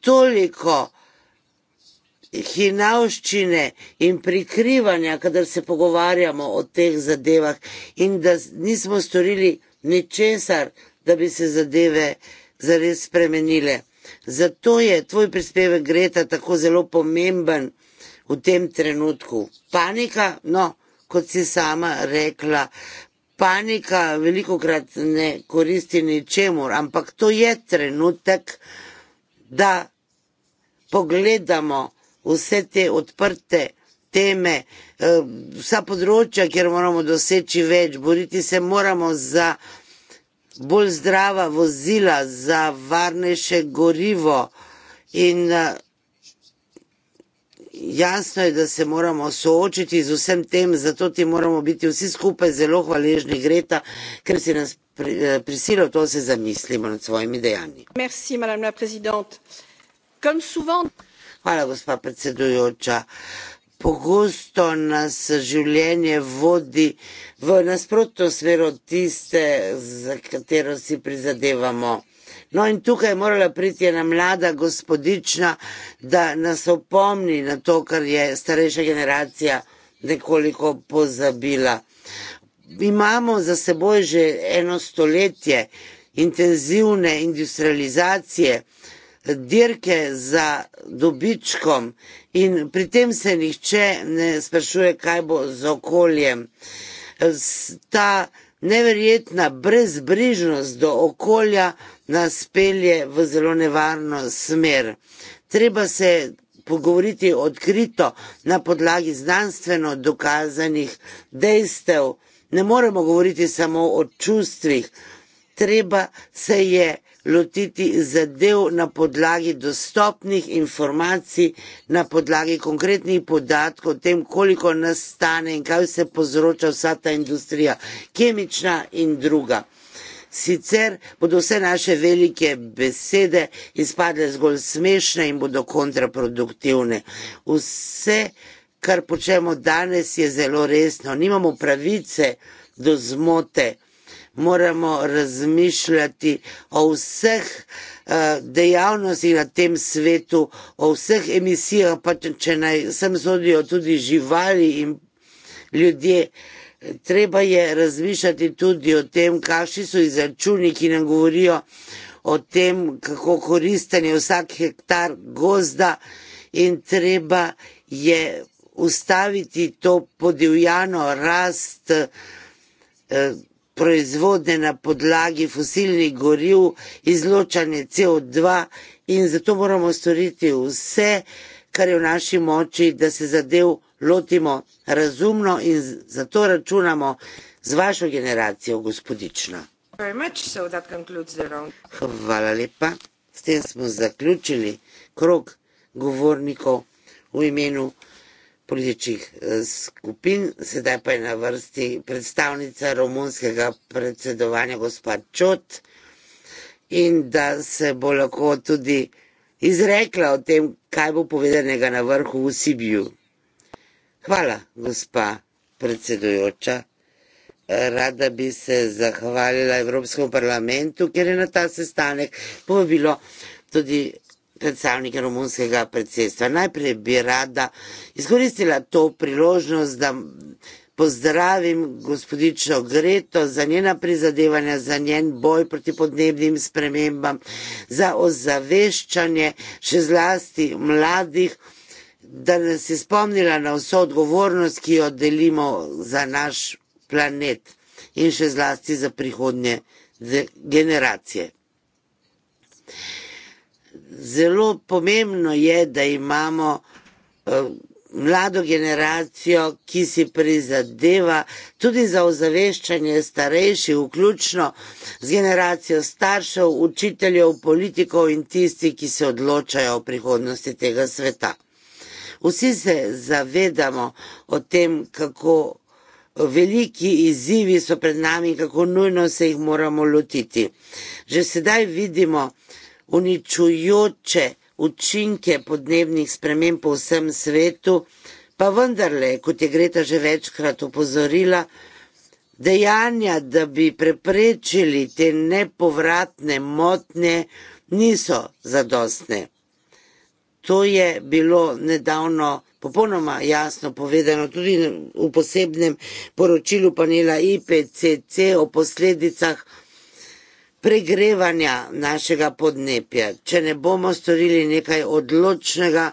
toliko hinavščine in prikrivanja, kadar se pogovarjamo o teh zadevah in da nismo storili ničesar, da bi se zadeve zares spremenile. Zato je tvoj prispevek Greta tako zelo pomemben v tem trenutku. Panika? No, vsega kot si sama rekla, panika veliko krat ne koristi ničemur, ampak to je trenutek, da pogledamo vse te odprte teme, eh, vsa področja, kjer moramo doseči več, boriti se moramo za bolj zdrava vozila, za varnejše gorivo in eh, jasno je, da se moramo soočiti z vsem tem, zato ti moramo biti vsi skupaj zelo hvaležni Greta, ker si nas pri, eh, prisilo to se zamislimo nad svojimi dejanji. Merci, Hvala, gospa predsedujoča. Pogosto nas življenje vodi v nasprotno smer od tiste, za katero si prizadevamo. No, in tukaj je morala priti ena mlada gospodična, da nas opomni na to, kar je starejša generacija nekoliko pozabila. Imamo za seboj že eno stoletje intenzivne industrializacije, dirke za dobičkom in pri tem se nihče ne sprašuje, kaj bo z okoljem. Ta Neverjetna brezbrižnost do okolja nas pelje v zelo nevarno smer. Treba se pogovoriti odkrito na podlagi znanstveno dokazanih dejstev. Ne moremo govoriti samo o čustvih. Treba se je lotiti zadev na podlagi dostopnih informacij, na podlagi konkretnih podatkov o tem, koliko nas stane in kaj se povzroča vsa ta industrija, kemična in druga. Sicer bodo vse naše velike besede izpadle zgolj smešne in bodo kontraproduktivne. Vse, kar počnemo danes, je zelo resno. Nimamo pravice do zmote moramo razmišljati o vseh eh, dejavnosti na tem svetu, o vseh emisijah, pa če naj sem zodijo tudi živali in ljudje. Treba je razmišljati tudi o tem, kakšni so izračuni, ki nam govorijo o tem, kako koristen je vsak hektar gozda in treba je ustaviti to podivjano rast eh, proizvodnje na podlagi fosilnih goriv, izločanje CO2 in zato moramo storiti vse, kar je v naši moči, da se zadev lotimo razumno in zato računamo z vašo generacijo, gospodična. Hvala lepa. S tem smo zaključili krok govornikov v imenu političnih eh, skupin, sedaj pa je na vrsti predstavnica romunskega predsedovanja gospod Čot in da se bo lahko tudi izrekla o tem, kaj bo povedanega na vrhu v Sibiju. Hvala, gospa predsedujoča. Rada bi se zahvalila Evropskemu parlamentu, ker je na ta sestanek povabilo tudi predstavnike romunskega predsedstva. Najprej bi rada izkoristila to priložnost, da pozdravim gospodično Greto za njena prizadevanja, za njen boj proti podnebnim spremembam, za ozaveščanje še zlasti mladih, da nas je spomnila na vso odgovornost, ki jo delimo za naš planet in še zlasti za prihodnje generacije zelo pomembno je, da imamo eh, mlado generacijo, ki si prizadeva tudi za ozaveščanje starejših, vključno z generacijo staršev, učiteljev, politikov in tisti, ki se odločajo o prihodnosti tega sveta. Vsi se zavedamo o tem, kako eh, veliki izzivi so pred nami in kako nujno se jih moramo lotiti. Že sedaj vidimo, da uničujoče učinke podnebnih sprememb po vsem svetu, pa vendarle, kot je Greta že večkrat opozorila, dejanja, da bi preprečili te nepovratne motnje, niso zadostne. To je bilo nedavno popolnoma jasno povedano tudi v posebnem poročilu panela IPCC o posledicah pregrevanja našega podnebja. Če ne bomo storili nekaj odločnega,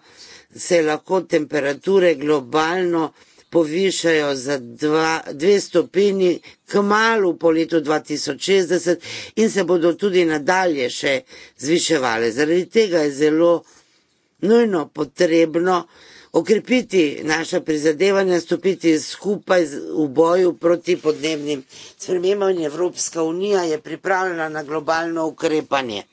se lahko temperature globalno povišajo za dva, dve stopini k malu po letu 2060 in se bodo tudi nadalje še zviševali. Zaradi tega je zelo nujno potrebno, okrepiti naša prizadevanja, stopiti skupaj v boju proti podnebnim spremembam in Evropska unija je pripravljena na globalno ukrepanje.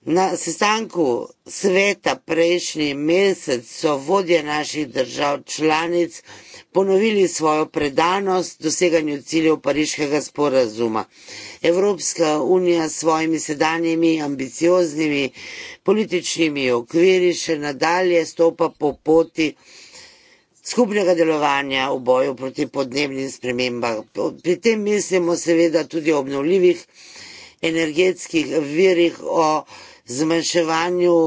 Na sestanku sveta prejšnji mesec so vodje naših držav članic vsega, ponovili svojo predanost doseganju ciljev pariškega sporazuma. Evropska unija s svojimi sedanjimi ambicioznimi političnimi okviri še nadalje stopa po poti skupnega delovanja v boju proti podnebnim spremembam. Pri tem mislimo seveda tudi o obnovljivih energetskih virih, o zmanjševanju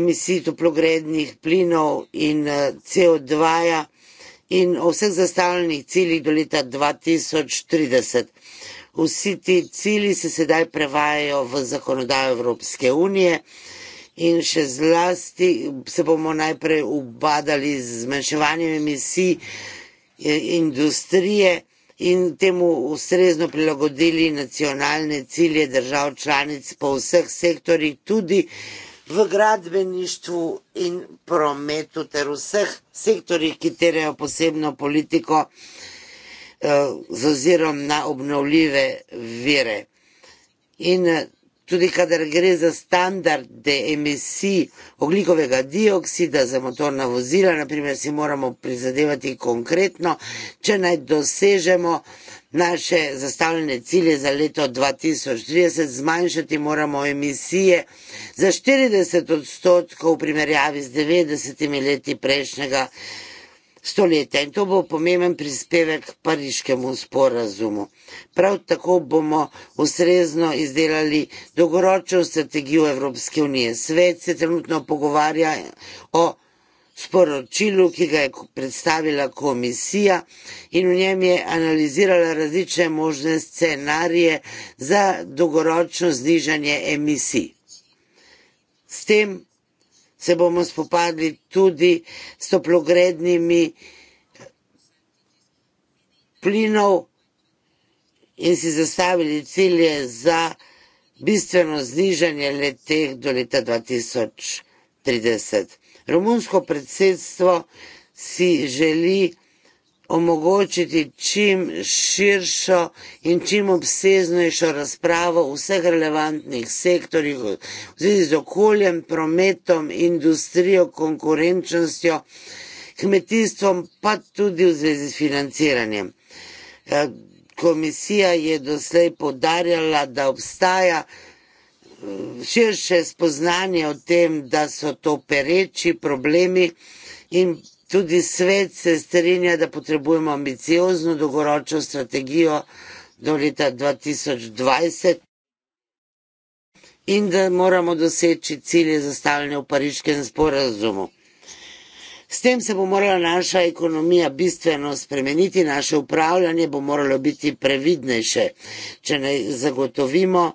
emisij toplogrednih plinov in eh, CO2-ja in o vseh zastavljenih ciljih do leta 2030. Vsi ti cilji se sedaj prevajajo v zakonodajo Evropske unije in še zlasti se bomo najprej ubadali z zmanjševanjem emisij eh, industrije in temu ustrezno prilagodili nacionalne cilje držav članic po vseh sektorjih, tudi v gradbeništvu in prometu ter vseh sektorjih, ki terajo posebno politiko eh, z ozirom na obnovljive vire. In eh, tudi, kadar gre za standarde emisij oglikovega dioksida za motorna vozila, naprimer si moramo prizadevati konkretno, če naj dosežemo naše zastavljene cilje za leto 2030, zmanjšati moramo emisije za 40 odstotkov v primerjavi z 90 leti prejšnjega stoletja in to bo pomemben prispevek k pariškemu sporazumu. Prav tako bomo ustrezno izdelali dolgoročno strategijo Evropske unije. Svet se trenutno pogovarja o sporočilu, ki ga je predstavila komisija in v njem je analizirala različne možne scenarije za dolgoročno znižanje emisij. S tem se bomo spopadli tudi s toplogrednimi eh, plinov in si zastavili cilje za bistveno znižanje leteh do leta 2030. Romunsko predsedstvo si želi omogočiti čim širšo in čim obseznejšo razpravo v vseh relevantnih sektorjih, v zvezi z okoljem, prometom, industrijo, konkurenčnostjo, kmetijstvom, pa tudi v zvezi s financiranjem. Eh, komisija je doslej podarjala, da obstaja vsega, širše spoznanje o tem, da so to pereči problemi in tudi svet se strinja, da potrebujemo ambiciozno dolgoročno strategijo do leta 2020 in da moramo doseči cilje zastavljene v pariškem sporazumu. S tem se bo morala naša ekonomija bistveno spremeniti, naše upravljanje bo moralo biti previdnejše, če ne zagotovimo,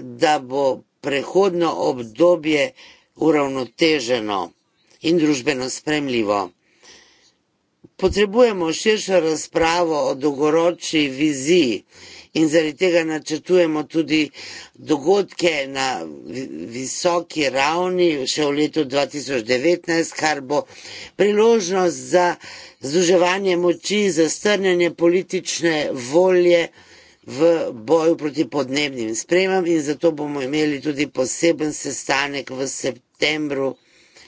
da bo prehodno obdobje uravnoteženo in družbeno spremljivo. Potrebujemo širšo razpravo o dolgoročni viziji in zaradi tega načrtujemo tudi dogodke na visoki ravni še v letu 2019, kar bo priložnost za združevanje moči, za strnjanje politične volje, v boju proti podnebnim spremem in zato bomo imeli tudi poseben sestanek v septembru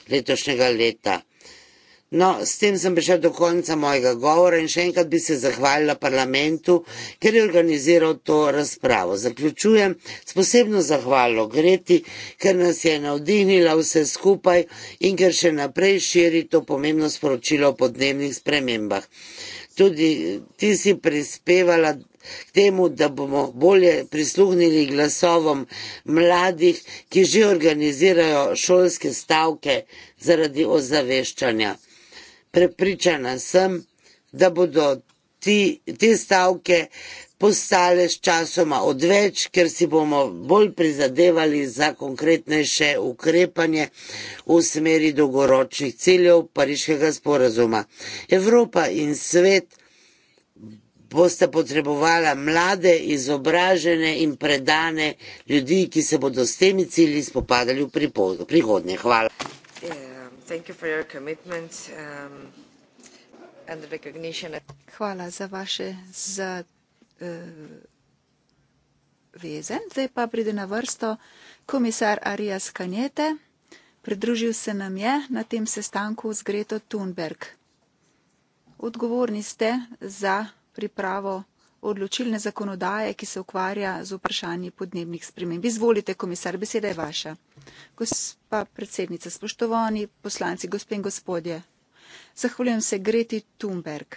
letošnjega leta. No, s tem sem prišel do konca mojega govora in še enkrat bi se zahvalila parlamentu, ker je organiziral to razpravo. Zaključujem s posebno zahvalo Greti, ker nas je navdihnila vse skupaj in ker še naprej širi to pomembno sporočilo o podnebnih spremembah. Tudi ti si prispevala k temu, da bomo bolje prisluhnili glasovom mladih, ki že organizirajo šolske stavke zaradi ozaveščanja. Prepričana sem, da bodo ti, te stavke postale s časoma odveč, ker si bomo bolj prizadevali za konkretnejše ukrepanje v smeri dolgoročnih ciljev Pariškega sporazuma. Evropa in svet boste potrebovali mlade, izobražene in predane ljudi, ki se bodo s temi cilji spopadali v prihodnje. Hvala. Um, Hvala za vaše zaveze. Eh, uh, Zdaj pa pride na vrsto komisar Arias Kanjete. Pridružil se nam je na tem sestanku z Greto Thunberg. Odgovorni ste za pripravo odločilne zakonodaje, ki se ukvarja z vprašanji podnebnih sprememb. Izvolite, komisar, beseda je vaša. Gospa predsednica, spoštovani poslanci, gospe in gospodje, zahvaljujem se Greti Thunberg.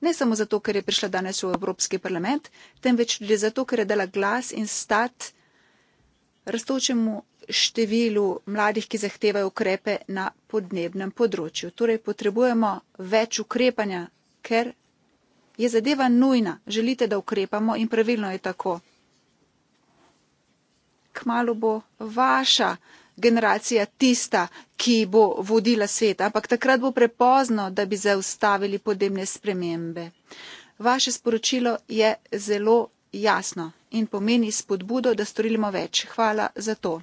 Ne samo zato, ker je prišla danes v Evropski parlament, temveč tudi zato, ker je dala glas in stat rastočemu številu mladih, ki zahtevajo ukrepe na podnebnem področju. Torej potrebujemo več ukrepanja, ker je zadeva nujna, želite, da ukrepamo in pravilno je tako. Kmalo bo vaša generacija tista, ki bo vodila svet, ampak takrat bo prepozno, da bi zaustavili podnebne spremembe. Vaše sporočilo je zelo jasno in pomeni spodbudo, da storimo več. Hvala za to.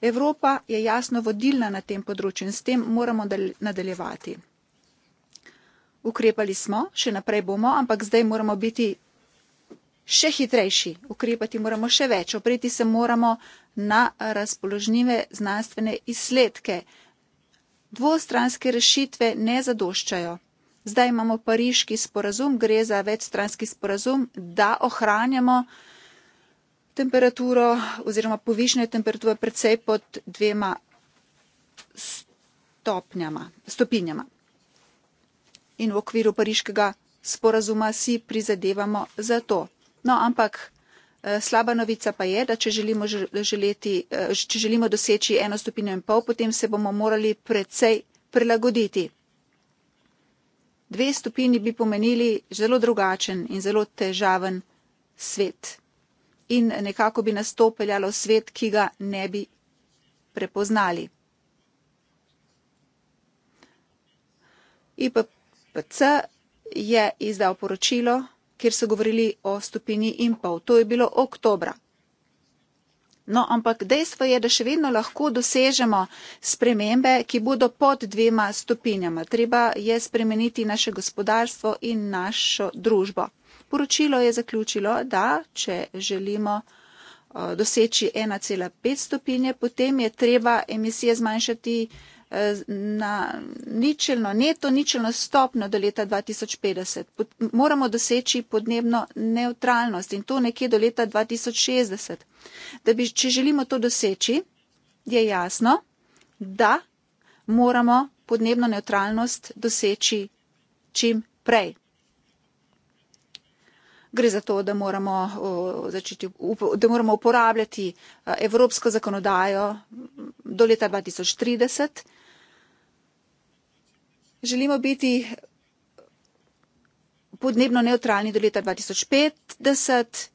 Evropa je jasno vodilna na tem področju in s tem moramo nadaljevati ukrepali smo, še naprej bomo, ampak zdaj moramo biti še hitrejši, ukrepati moramo še več, opreti se moramo na razpoložnive znanstvene izsledke. Dvostranske rešitve ne zadoščajo. Zdaj imamo pariški sporazum, gre za večstranski sporazum, da ohranjamo temperaturo oziroma povišanje temperature predvsej pod dvema stopnjama, stopinjama in v okviru pariškega sporazuma si prizadevamo za to. No, ampak eh, slaba novica pa je, da če želimo, želeti, eh, če želimo doseči eno stopinjo in pol, potem se bomo morali precej prilagoditi. Dve stopini bi pomenili zelo drugačen in zelo težaven svet. In nekako bi nas to peljalo svet, ki ga ne bi prepoznali. IPP PC je izdal poročilo, kjer so govorili o stopini in pol. To je bilo oktobra. No, ampak dejstvo je, da še vedno lahko dosežemo spremembe, ki bodo pod dvema stopinjama. Treba je spremeniti naše gospodarstvo in našo družbo. Poročilo je zaključilo, da če želimo eh, doseči 1,5 stopinje, potem je treba emisije zmanjšati na ničelno, neto ničelno stopno do leta 2050. Pod, moramo doseči podnebno neutralnost in to nekje do leta 2060. Da bi, če želimo to doseči, je jasno, da moramo podnebno neutralnost doseči čim prej. Gre za to, da moramo, začeti, da moramo uporabljati evropsko zakonodajo do leta 2030 želimo biti podnebno neutralni do leta 2050.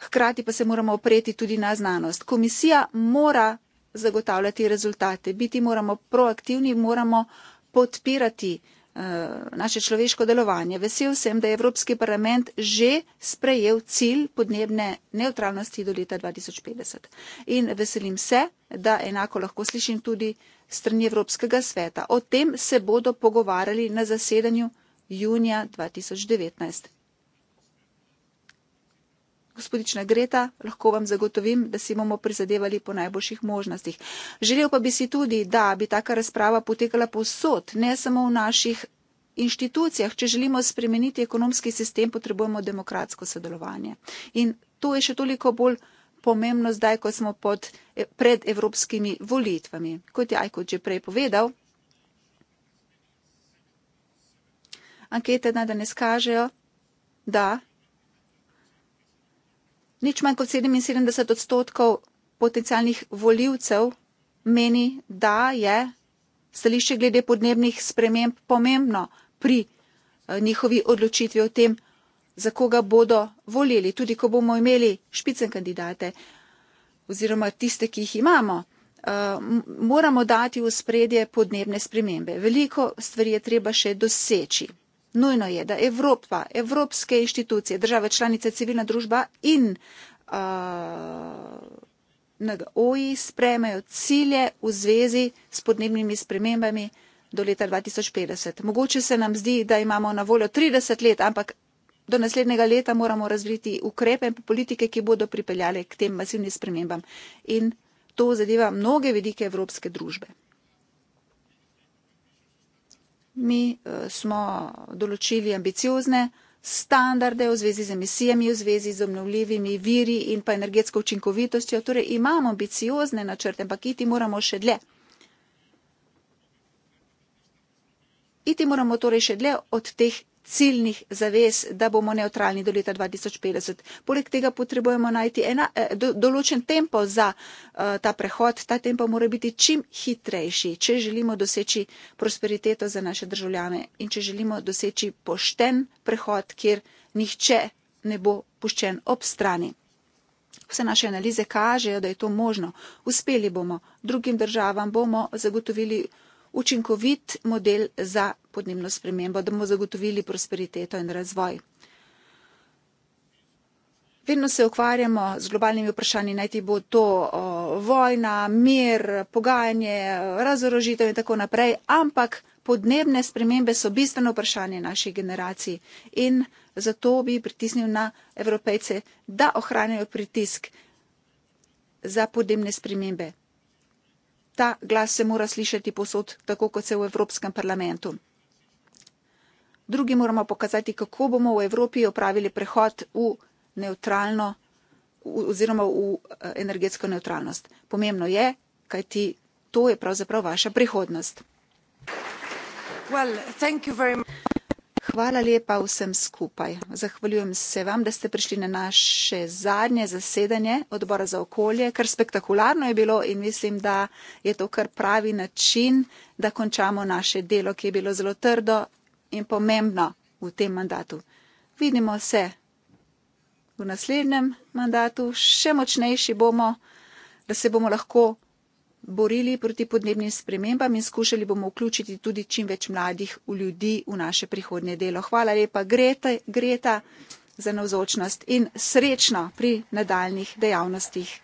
Hkrati pa se moramo opreti tudi na znanost. Komisija mora zagotavljati rezultate, biti moramo proaktivni, moramo podpirati Eh, naše človeško delovanje. Vesel sem, da je Evropski parlament že sprejel cilj podnebne neutralnosti do leta 2050. In veselim se, da enako lahko slišim tudi strani Evropskega sveta. O tem se bodo pogovarjali na zasedanju junija 2019 gospodična Greta, lahko vam zagotovim, da si bomo prizadevali po najboljših možnostih. Želel pa bi si tudi, da bi taka razprava potekala posod, ne samo v naših inštitucijah. Če želimo spremeniti ekonomski sistem, potrebujemo demokratsko sodelovanje. In to je še toliko bolj pomembno zdaj, ko smo pod, e, pred evropskimi volitvami. Kot je Ajko že prej povedal, ankete nadalje kažejo, da Nič manj kot 77 odstotkov potencialnih voljivcev meni, da je stališče glede podnebnih sprememb pomembno pri eh, njihovi odločitvi o tem, za koga bodo volili, tudi ko bomo imeli špicen kandidate oziroma tiste, ki jih imamo. Eh, moramo dati v spredje podnebne spremembe. Veliko stvari je treba še doseči. Nujno je, da Evropa, evropske inštitucije, države članice, civilna družba in uh, NGO-ji spremejo cilje v zvezi s podnebnimi spremembami do leta 2050. Mogoče se nam zdi, da imamo na voljo 30 let, ampak do naslednjega leta moramo razviti ukrepe in politike, ki bodo pripeljale k tem masivnim spremembam. In to zadeva mnoge vidike evropske družbe mi eh, smo določili ambiciozne standarde v zvezi z emisijami, v zvezi z obnovljivimi viri in pa energetsko učinkovitostjo. Torej imamo ambiciozne načrte, ampak iti moramo še dlje. Iti moramo torej še dlje od teh ciljnih zavez, da bomo neutralni do leta 2050. Poleg tega potrebujemo najti ena, eh, določen tempo za eh, ta prehod. Ta tempo mora biti čim hitrejši, če želimo doseči prosperiteto za naše državljane in če želimo doseči pošten prehod, kjer nihče ne bo puščen ob strani. Vse naše analize kažejo, da je to možno. Uspeli bomo, drugim državam bomo zagotovili učinkovit model za podnebno spremembo, da bomo zagotovili prosperiteto in razvoj. Vedno se ukvarjamo z globalnimi vprašanji, naj ti bo to o, vojna, mir, pogajanje, razorožitev in tako naprej, ampak podnebne spremembe so bistveno vprašanje naših generacij in zato bi pritisnil na evropejce, da ohranjajo pritisk za podnebne spremembe ta glas se mora slišati posod, tako kot se v Evropskem parlamentu. Drugi moramo pokazati, kako bomo v Evropi opravili prehod v neutralno oziroma v eh, energetsko neutralnost. Pomembno je, kaj ti to je pravzaprav vaša prihodnost. Well, hvala lepa vsem skupaj. Zahvaljujem se vam, da ste prišli na naše zadnje zasedanje odbora za okolje, kar spektakularno je bilo in mislim, da je to kar pravi način, da končamo naše delo, ki je bilo zelo trdo in pomembno v tem mandatu. Vidimo se v naslednjem mandatu, še močnejši bomo, da se bomo lahko borili proti podnebnim spremembam in skušali bomo vključiti tudi čim več mladih v ljudi v naše prihodnje delo. Hvala lepa Grete, Greta za navzočnost in srečno pri nadaljnih dejavnostih.